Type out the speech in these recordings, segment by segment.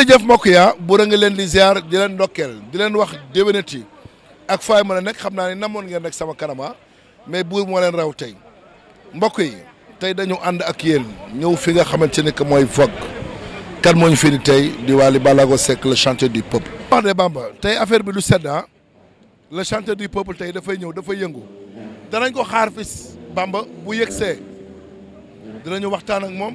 jërëjëf mbokk ya bu ra nga leen di ziar di leen ndokkeel di leen wax déwénati ak fay mën nek xamna ni naa ngeen nek sama karama mais buur mo leen raw tay mbokk yi tay dañu and ak yeen ñew fi nga xamanteni ke moy fogg kan moñ fi ni tay di wali balago sec le chanteur du peuple. par de Bamba tay affaire bi lu sedda ah. le chanteur du peuple fay ñew da fay yëngu danañ ko xaar fi Bamba bu yexse dinañu waxtaan ak mom.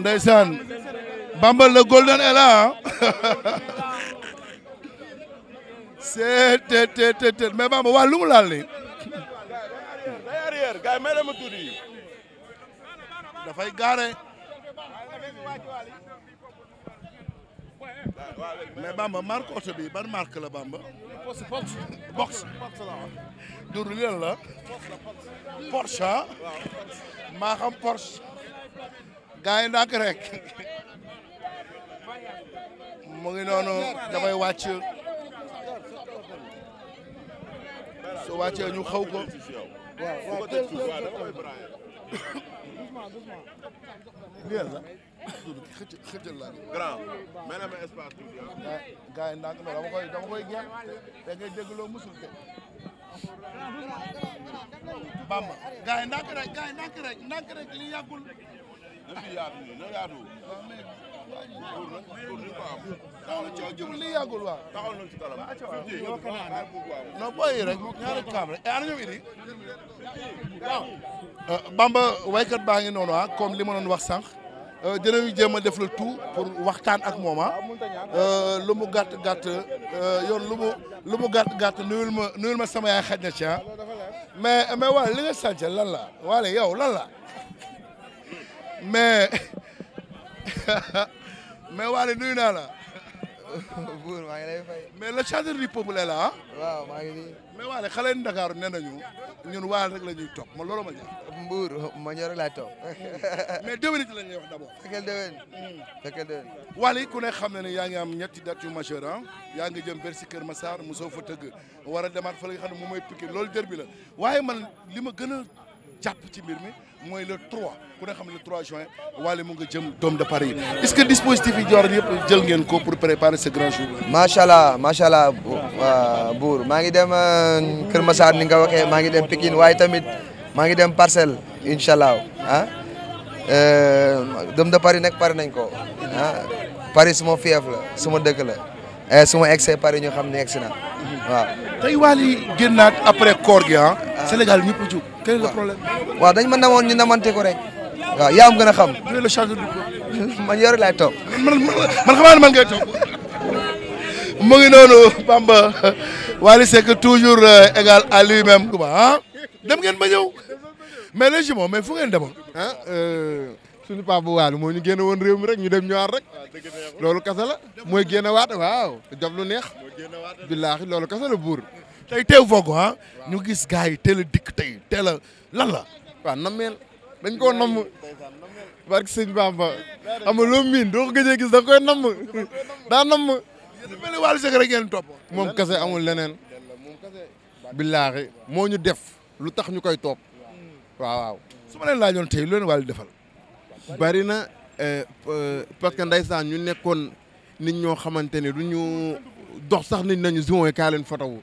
ndeysaan Bambal le golden est là c'est te te te mais Bamba waa lu laal nii. dafay gaare. mais Bamba marque oto bi ban marque la Bamba. box box. dur la. Porsche ah. maa xam Porsche. gaa yi mu ngi noonu damay wàcc su wàccee ñu xawko ko liyal la xëcc xëccal la grand mais nag espace tuuti ah gars yi ndànk dama koy dama koy ñaan na fi yaatu nii rek kaam rek ana ñoom idi. Euh, Bamba waykat baa ngi noonu ah comme li ma doon wax sànq. Euh, dinañu jéem a def le tout pour waxtaan ak moom ah. euh, lu mu gàtt gàtt yoon lu mu lu mu gàtt gàtt ma nuyul ma sama yaay xaj na ci ah. mais mais waaye li nga sànce lan la waaye yow lan la. mais mais Waly nuyu naa la. buur maa ngi lay fay. mais le chanteur du peuple la ah. waaw maa ngi nii. mais Waly xale yu Ndakaaru nee nañu ñun Waly rek la ñuy topp man ma jàpp. Mbour ma ñor rek laay topp. mais déwénit la ñuy wax d' abord. fekkeel déwén. Hmm. fekkeel déwén. Waly ku ne xam na ne yaa ngi am ñetti date yu majeur ah yaa ngi jëm Bercy Kër Massar mosoo fa tëgg war a demaat fa la nga xam ne moom mooy Pikine loolu derby la waaye man li ma gën a jàpp ci mbir mi. moy le 3 ku ne xam le 3 juin walé mo nga jëm dom de Paris est-ce que dispositif yi joor yëpp jël ngeen ko pour préparer ce grand jour. macha allah macha allah buur maa ngi dem keur Massar ni nga waxé ma ngi dem Pikine waaye tamit ma ngi dem parcel inshallah hein ah euh, Dom de Paris nek pare nañ ko ah. Paris mo fief la suma dëkk la suma excès Paris ñu xam ne egg si na waaw. tey après corgi hein ah. Sénégal ñëpp a jóg. quel est le problème. waaw dañ ma namante ko rek. waaw yaa am gën a xam. tu es le chargé du man yore laay toog. man man xamaa ne man ngay toog. ngi noonu Bamba Wally Seck toujours euh, égal à lui-même. Ah, ngeen ba ñëw mais les jumeaux mais fu ngeen demoon. ah euh, suñu papa Wally moo ñu génne woon réew mi rek ñu dem ñëwaat rek loolu kasa la mooy génne waat waaw def lu neex billaahi loolu kasa la buur. tey teew foo ko ah ñu gis gars yi teel a dikk tey teel a lan la waaw dañ ko namm barke sëñ Bamba xam loo miin doo gëjee gis da koy namm daa namm mel ni Wally Seck rek moom kase amul leneen billaahi moo ñu def lu tax ñu koy top waaw waaw su ma leen laajoon tey lu leen defal bari na eh, parce saan ñu nekkoon nit ñoo xamante ne du ñu dox sax nit nañu zimoy kaa leen fotowu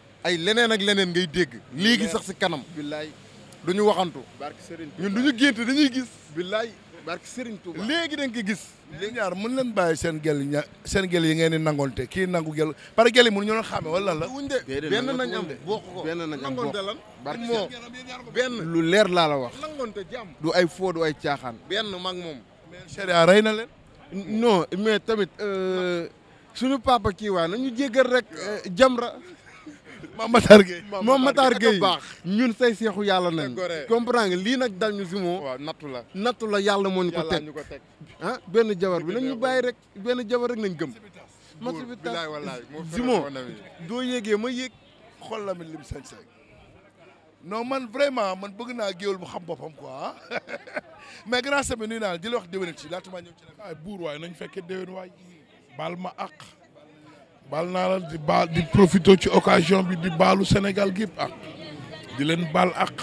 ay leneen ak leneen ngay dégg léegi sax ci kanam billahi duñu waxantu barke Serigne ñun duñu gént dañuy gis billahi barke Serigne Touba léegi dañ ko gis léegi ñaar mën lañ baye sen gel sen gel yi ngeen di nangoonte ki nangu gel par gel yi mënu ñu xamé wala la wuñ de benn nañ am bokk ko nañ am nangoonte lan barke moo lu leer la la wax du ay fo du ay tiaxan ben mag mom mais Sharia reyna na non mais tamit euh, suñu papa ki wa nañu jéggal rek euh, Jamra Mame Matar Gueye ñun say seexu yàlla nañ comprendre nga lii nag dal ñu nattu la nattu la yàlla moo ñu ko teg ah, benn jabar bi nañ bàyyi rek benn jabar rek nañ gëm match bi tas Zimo doo yéegee ma yéeg xool la mit lim sañ-sañ non man vraiment man bëgg naa géwél mu xam boppam quoi mais grâce à mi nuy naa di la wax déwénati laata maa ñëw ci la buur waay nañ fekkee déwén waay baal ma àq baal naa la di baal di profité ci occasion bi di baalu senegal gépp ak di leen baal ak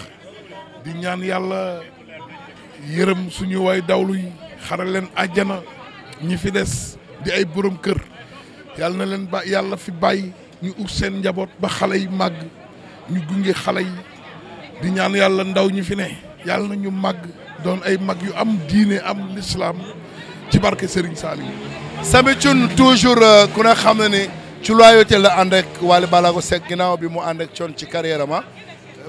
di ñaan yàlla yërëm suñu woy dawlu yi xaral leen àjjana ñi fi des di ay borom kër yàlla na leen ba yàlla fi bàyyi ñu ut seen njaboot ba xale yi màgg ñu gunge xale yi di ñaan yàlla ndaw ñi fi ne yàlla na ñu màgg doon ay mag yu am diine am lislaam ci barke Serigne Saliou. Samy Thioune toujours euh, ku ne xam na ni. ci loyauté la ànd ak Wally Ballago Seck ginnaaw bi mu ànd ak Thione ci carrière ma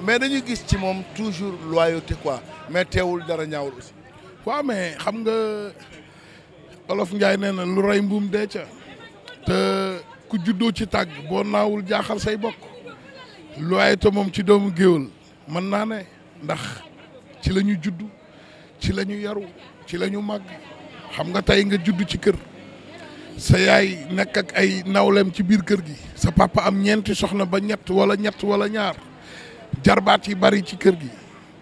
mais dañuy gis ci moom toujours loyauté quoi mais teewul dara ñaawul aussi. waaw xam nga olof Ndiaye nee na lu rey mbuum dee ca te ku juddoo ci tàgg boo naawul jaaxal say bokk loyauté moom ci doomu géwél mën naa ne ndax ci la ñu judd ci la ñu yaru ci la ñu màgg xam nga tey nga judd ci kër. sa yaay nekk ak ay nawleem ci biir kër gi sa papa am ñeenti soxna ba ñett walla ñett wala ñaar jarbaat yi bari ci kër gi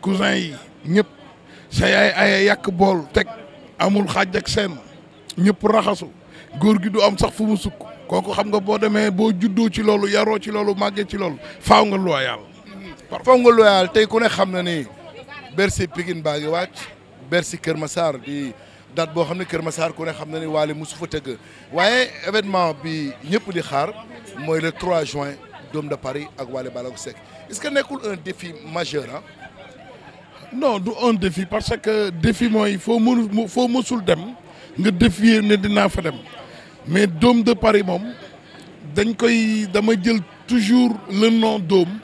cousin yi ñëpp sa yaay aye yàq bool teg amul xaaj ak seen ñëpp raxasu góor gi du am sax fu mu sukk kooku xam nga boo demee boo juddoo ci loolu yaroo ci loolu màggee ci loolu faaw nga loyal faaw tey ku ne xam na ni Bercy Pikine baa ngi wàcc Bercy Kër Massar di date bo xamné Kër Massar ku né xamné ni walé mosu teug wayé événement bi ñëpp di xaar moy le 3 juin Dôme de Paris ak walé Ballago Seck est-ce que nekkul un défi majeur ah. non du un défi parce que défi moy faut mënu faut mësul dem nga défier ne dina fa dem mais Dôme de Paris mom dañ koy dama jël toujours le nom Dôme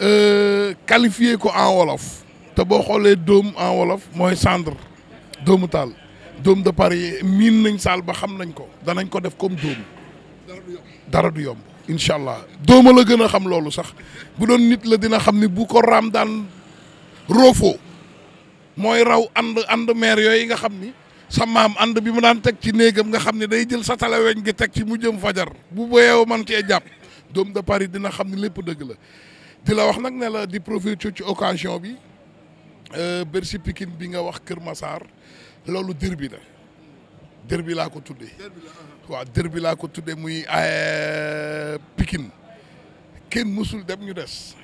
euh, qualifié ko en wolof te bo xolé Dôme en wolof moy cendre. dóomu tal dóom de Paris min nañ sal ba xam nañ ko danañ ko def comme dóom dara du yomb inshallah allah la gëna xam lolu sax bu doon nit la dina xam ni bu ko ramdan rofo moy raw and and maire yoy nga xam ni sa mam and bi mu daan tek ci negam nga xam ni day jël sa tale weñ gi tek ci mu jëm fajar bu boyew man ci japp dóom de Paris dina xam ni lepp deug la di wax nag ne la di profiter ci occasion bi euh, Bercy Pikine bi nga wax keur Massar loolu dër bi la dër bi laa ko tudde waaw dër bi laa ko tuddee muy euh, pikin kenn musul dem ñu des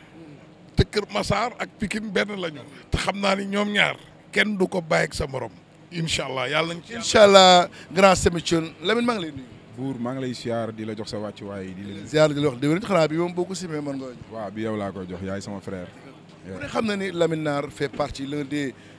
te masaar ak Pikine benn la ñu te xam naa ni ñoom ñaar kenn du ko bàyyi sa morom incha allah yàlla nañ ci incha allah grand Séméthione Lamine maa ngi lay nuyu. buur maa ngi lay siyaar di la jox sa wàccuwaay di la. siyaar di la wax déwén xanaa bi moom boo ko simee mën nga waaw bi yow laa koy jox yaay sama frère. bu ne xam na ni Lamine Nar fait partie l'un des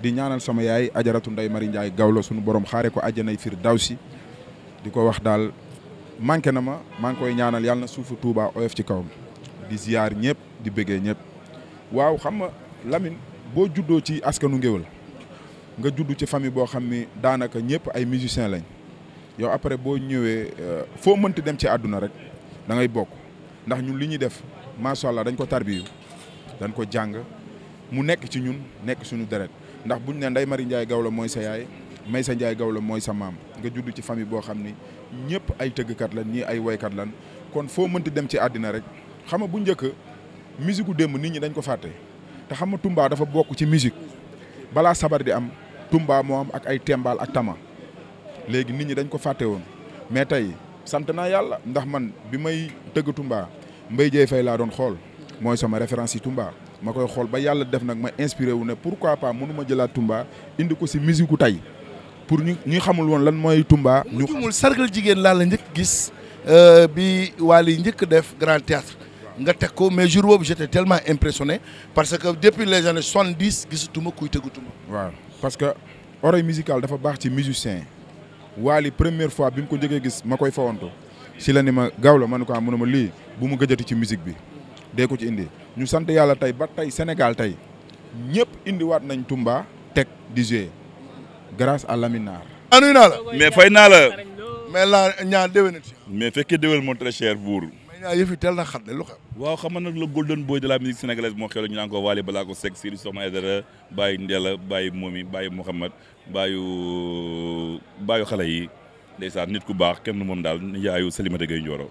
di ñaanal sama yaay ajaratu nday mari njaay gawlo suñu borom xaare ko àjjanay firdawsi di ko wax daal manqué na ma maa ngi koy ñaanal yàlla suufu Touba ci di ziar ñëpp di bëggee ñëpp waaw xam nga Lamine boo juddoo ci askanu ngéwal nga judd ci famille boo xam ni daanaka ñëpp ay musiciens lañ yow après boo ñëwee euh, foo mënti dem ci àdduna rek da ngay bokk ndax ñun li allah dañ ko tarbiyu dañ ko mu nekk ci ñun nekk suñu deret ndax buñ ne Ndeye mari Ndiaye Gawlo mooy sa yaay Maysa Ndiaye Gawlo mooy sa maam nga judd ci famille boo xam ni ñëpp ay tëggkat lan nii ay woykat lan kon foo mënti dem ci àddina rek xam nga bu njëkk musique gu démb nit ñi dañ ko fàtte te xam nga Tumba dafa bokk ci musique balaa sabar di am Tumba moo am ak ay tembaal ak tama léegi nit ñi dañ ko fàtte woon mais tey sant naa yàlla ndax man bi may tëgg Tumba Mbaye Dieye Faye laa doon xool mooy sama référence yi ma koy ba yalla def nak ma inspiré wu ne pourquoi pas mënu ma la Tumba indi ko ci musique tay pour ñu ñu xamul won lan moy Tumba. ñu xamul sargal jigen la la ñëk gis euh, bi wali ñëk def grand théâtre nga teg ko mais jour boobu j'étais tellement impressionné parce que depuis les années soixante dix gisatuma kuy tëggu Tumba. waaw parce que oreille musicale dafa bax ci musicien wali première fois bi ko njëkkee gis makoy koy ci si la ni ma gaaw la ma ne ko ah, mënuma lii bu mu ci musique bi. dee ko ci indi ñu sant yàlla tey ba tey Sénégal tey ñëpp indiwaat nañ Tumba teg di jouer grâce à Lamine Nar. anuy ah, mais fay naa la. mais laa ñaar déwénati. mais fekkee déwén mon très cher buur. mais ñaar yëf yi teel na xat xam. waaw xam nga nag le golden boy de la musique sénégalaise moo xew la ñu naan ko Wally Ballago Seck Sidy Sokhna Aidara Baye Ndella Baye Momi Baye Mouhamad Bayu Bayu xale yi ndeysaan nit ku baax kenn du moom daal yaayu Salimata Gaye Njoro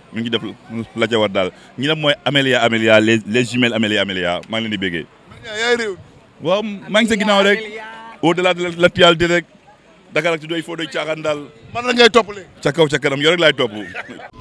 mu ngi def la ca war daal ñi nag mooy Amélia Amélia les les jumelles Amélia Amélia maa ngi leen di béggee. yaay maa ngi sa ginnaaw rek. au delà de l'actualité rek. Dakaractu doy foo doy caaxaan daal. man la ngay topp ca kaw ca kanam yow rek laay topp.